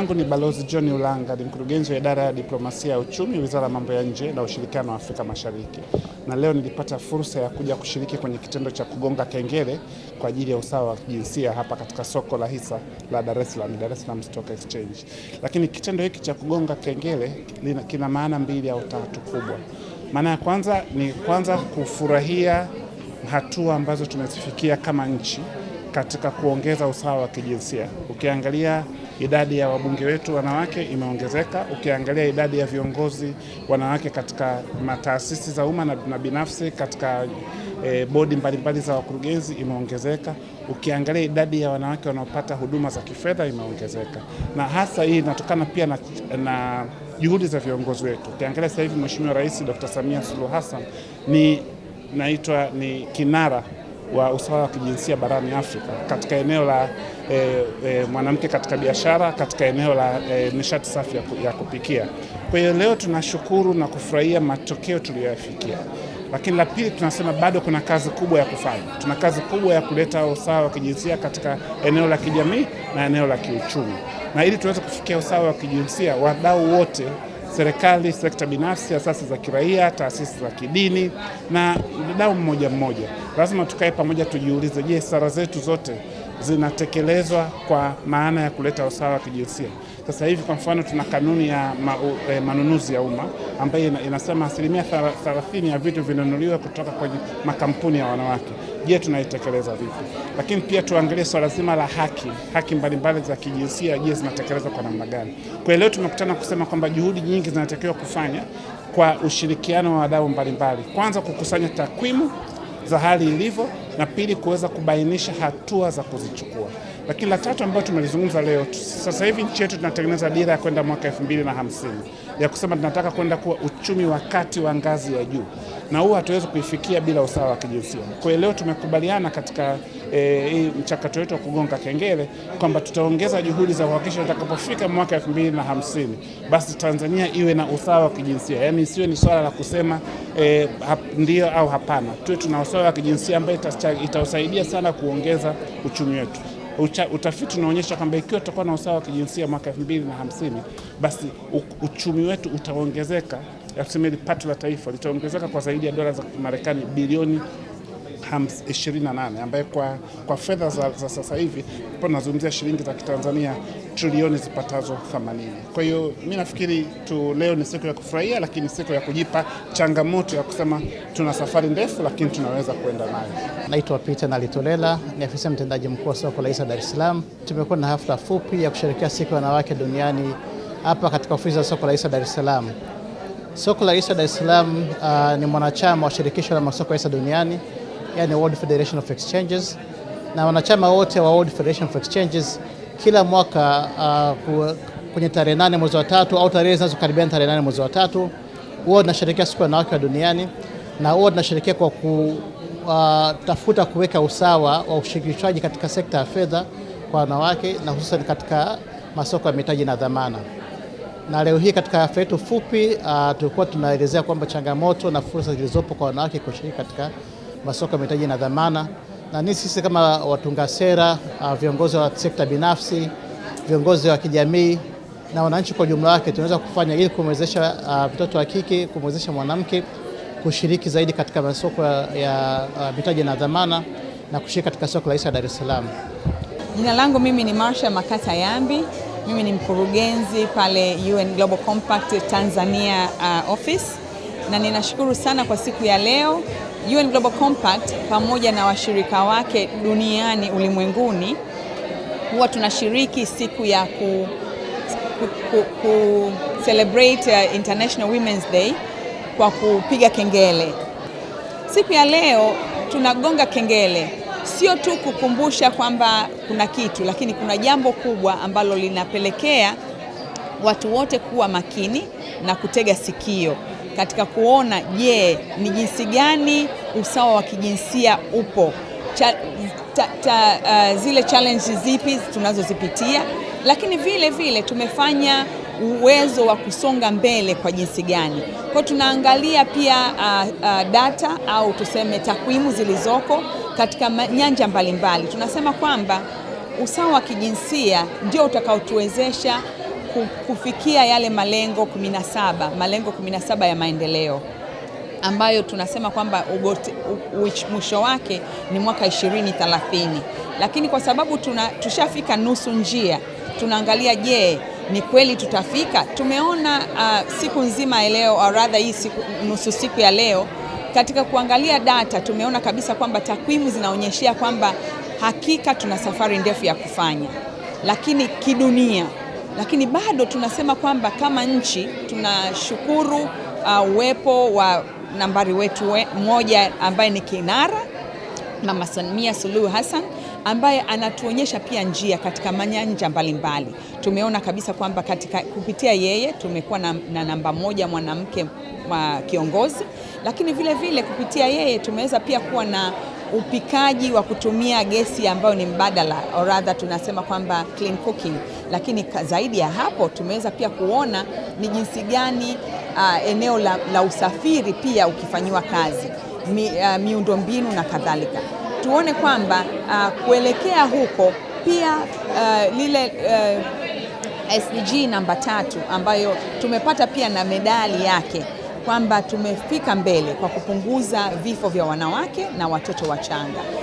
langu ni Balozi John Ulanga, ni mkurugenzi wa idara ya diplomasia ya uchumi, wizara ya mambo ya nje na ushirikiano wa Afrika Mashariki, na leo nilipata fursa ya kuja kushiriki kwenye kitendo cha kugonga kengele kwa ajili ya usawa wa kijinsia hapa katika soko la hisa la Dar es Salaam, Dar es Salaam Stock Exchange. Lakini kitendo hiki cha kugonga kengele kina maana mbili au tatu kubwa. Maana ya kwanza ni kwanza kufurahia hatua ambazo tumezifikia kama nchi katika kuongeza usawa wa kijinsia. Ukiangalia idadi ya wabunge wetu wanawake imeongezeka, ukiangalia idadi ya viongozi wanawake katika mataasisi za umma na binafsi, katika e, bodi mbalimbali za wakurugenzi imeongezeka, ukiangalia idadi ya wanawake wanaopata huduma za kifedha imeongezeka, na hasa hii inatokana pia na, na juhudi za viongozi wetu. Ukiangalia sasa hivi Mheshimiwa Rais Dr. Samia Suluhu Hassan ni naitwa ni kinara wa usawa wa kijinsia barani Afrika katika eneo la e, e, mwanamke katika biashara, katika eneo la e, nishati safi ya kupikia. Kwa hiyo leo tunashukuru na kufurahia matokeo tuliyoyafikia, lakini la pili tunasema bado kuna kazi kubwa ya kufanya. Tuna kazi kubwa ya kuleta usawa wa kijinsia katika eneo la kijamii na eneo la kiuchumi, na ili tuweze kufikia usawa wa kijinsia wadau wote serikali, sekta binafsi, asasi za kiraia, taasisi za kidini na mdau mmoja mmoja. Lazima tukae pamoja, tujiulize, je, sara zetu zote zinatekelezwa kwa maana ya kuleta usawa wa kijinsia? Sasa hivi kwa mfano tuna kanuni ya ma, e, manunuzi ya umma ambayo inasema asilimia thelathini ya vitu vinanunuliwa kutoka kwenye makampuni ya wanawake. Je, tunaitekeleza vipi? Lakini pia tuangalie swala zima la haki, haki mbalimbali za kijinsia, je, zinatekelezwa kwa namna gani? Kwa leo tumekutana kusema kwamba juhudi nyingi zinatakiwa kufanya kwa ushirikiano wa wadau mbalimbali, kwanza kukusanya takwimu za hali ilivyo, na pili kuweza kubainisha hatua za kuzichukua. Lakini la tatu ambayo tumelizungumza leo, sasa hivi nchi yetu tunatengeneza dira ya kwenda mwaka elfu mbili na hamsini ya kusema tunataka kwenda kuwa uchumi wa kati wa ngazi ya juu na huu hatuwezi kuifikia bila usawa wa kijinsia. Kwa hiyo leo tumekubaliana katika e, mchakato wetu wa kugonga kengele kwamba tutaongeza juhudi za kuhakikisha utakapofika mwaka elfu mbili na hamsini basi Tanzania iwe na usawa wa kijinsia, yaani isiwe ni swala la kusema e, hap, ndio au hapana, tuwe tuna usawa wa kijinsia ambayo itausaidia sana kuongeza uchumi wetu. Ucha, utafiti unaonyesha kwamba ikiwa tutakuwa na usawa wa kijinsia mwaka elfu mbili na hamsini basi uchumi wetu utaongezeka tuseme pato la taifa litaongezeka kwa zaidi ya dola za Kimarekani bilioni 28 ambaye kwa, kwa fedha za, za sasa hivi po nazungumzia shilingi za Kitanzania trilioni zipatazo 80. Kwa hiyo mi nafikiri tu leo ni siku ya kufurahia, lakini siku ya kujipa changamoto ya kusema tuna safari ndefu, lakini tunaweza kuenda nayo. Naitwa Peter Nalitolela, ni afisa mtendaji mkuu wa soko la hisa Dar es Salaam. Tumekuwa na hafla fupi ya kusherehekea siku ya wanawake duniani hapa katika ofisi ya soko la hisa Dar es Salaam. Soko la hisa Dar es Salaam uh, ni mwanachama wa shirikisho la masoko ya hisa duniani, yani World Federation of Exchanges, na wanachama wote wa World Federation of Exchanges kila mwaka uh, kwenye tarehe nane mwezi wa tatu au tarehe zinazokaribiana tarehe nane mwezi wa tatu huwa tunasherehekea siku ya wanawake wa duniani, na huwa tunasherehekea kwa kutafuta uh, kuweka usawa wa ushirikishwaji katika sekta ya fedha kwa wanawake na hususan katika masoko ya mitaji na dhamana na leo hii katika hafla yetu fupi uh, tulikuwa tunaelezea kwamba changamoto na fursa zilizopo kwa wanawake kushiriki katika masoko ya mitaji na dhamana, na ni sisi kama watunga sera uh, viongozi wa sekta binafsi, viongozi wa kijamii na wananchi kwa ujumla wake tunaweza kufanya ili kumwezesha ah, mtoto uh, wa kike, kumwezesha mwanamke kushiriki zaidi katika masoko ya uh, mitaji na dhamana na kushiriki katika soko la hisa Dar es Salaam. Jina langu mimi ni Marsha Makata Yambi. Mimi ni mkurugenzi pale UN Global Compact Tanzania uh, office na ninashukuru sana kwa siku ya leo. UN Global Compact pamoja na washirika wake duniani ulimwenguni huwa tunashiriki siku ya ku, ku, ku, ku celebrate uh, International Women's Day kwa kupiga kengele. Siku ya leo tunagonga kengele sio tu kukumbusha kwamba kuna kitu, lakini kuna jambo kubwa ambalo linapelekea watu wote kuwa makini na kutega sikio katika kuona, je, ni jinsi gani usawa wa kijinsia upo Cha, ta, ta, uh, zile challenge zipi tunazozipitia, lakini vile vile tumefanya uwezo wa kusonga mbele kwa jinsi gani. Kwa tunaangalia pia uh, uh, data au tuseme takwimu zilizoko katika nyanja mbalimbali. Tunasema kwamba usawa wa kijinsia ndio utakaotuwezesha kufikia yale malengo 17, malengo 17 ya maendeleo ambayo tunasema kwamba mwisho wake ni mwaka 2030, lakini kwa sababu tuna, tushafika nusu njia, tunaangalia je, ni kweli tutafika? Tumeona uh, siku nzima ya leo au ah, rather hii siku, nusu siku ya leo katika kuangalia data tumeona kabisa kwamba takwimu zinaonyeshea kwamba hakika tuna safari ndefu ya kufanya, lakini kidunia, lakini bado tunasema kwamba kama nchi tunashukuru uh, uwepo uh, wa nambari wetu we, moja ambaye ni kinara Mama Samia Suluhu Hassan ambaye anatuonyesha pia njia katika manyanja mbalimbali. Tumeona kabisa kwamba katika kupitia yeye tumekuwa na, na namba moja mwanamke wa kiongozi, lakini vile vile kupitia yeye tumeweza pia kuwa na upikaji wa kutumia gesi ambayo ni mbadala or rather tunasema kwamba clean cooking, lakini zaidi ya hapo tumeweza pia kuona ni jinsi gani uh, eneo la, la usafiri pia ukifanyiwa kazi mi, uh, miundombinu na kadhalika tuone kwamba uh, kuelekea huko pia uh, lile uh, SDG namba tatu ambayo tumepata pia na medali yake kwamba tumefika mbele kwa kupunguza vifo vya wanawake na watoto wachanga.